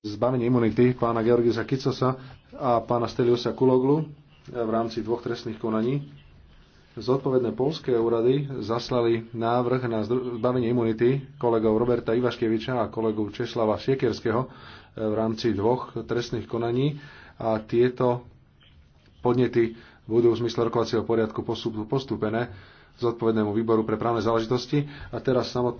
zbavenie imunity pána Georgisa Kicosa a pána Steliusa Kuloglu v rámci dvoch trestných konaní. Zodpovedné polské úrady zaslali návrh na zbavenie imunity kolegov Roberta Ivaškeviča a kolegu Česlava Siekierského eh, v rámci dvoch trestných konaní a tieto podnety budú v zmysle rokovacieho poriadku postúpené zodpovednému výboru pre právne záležitosti. A teraz samotné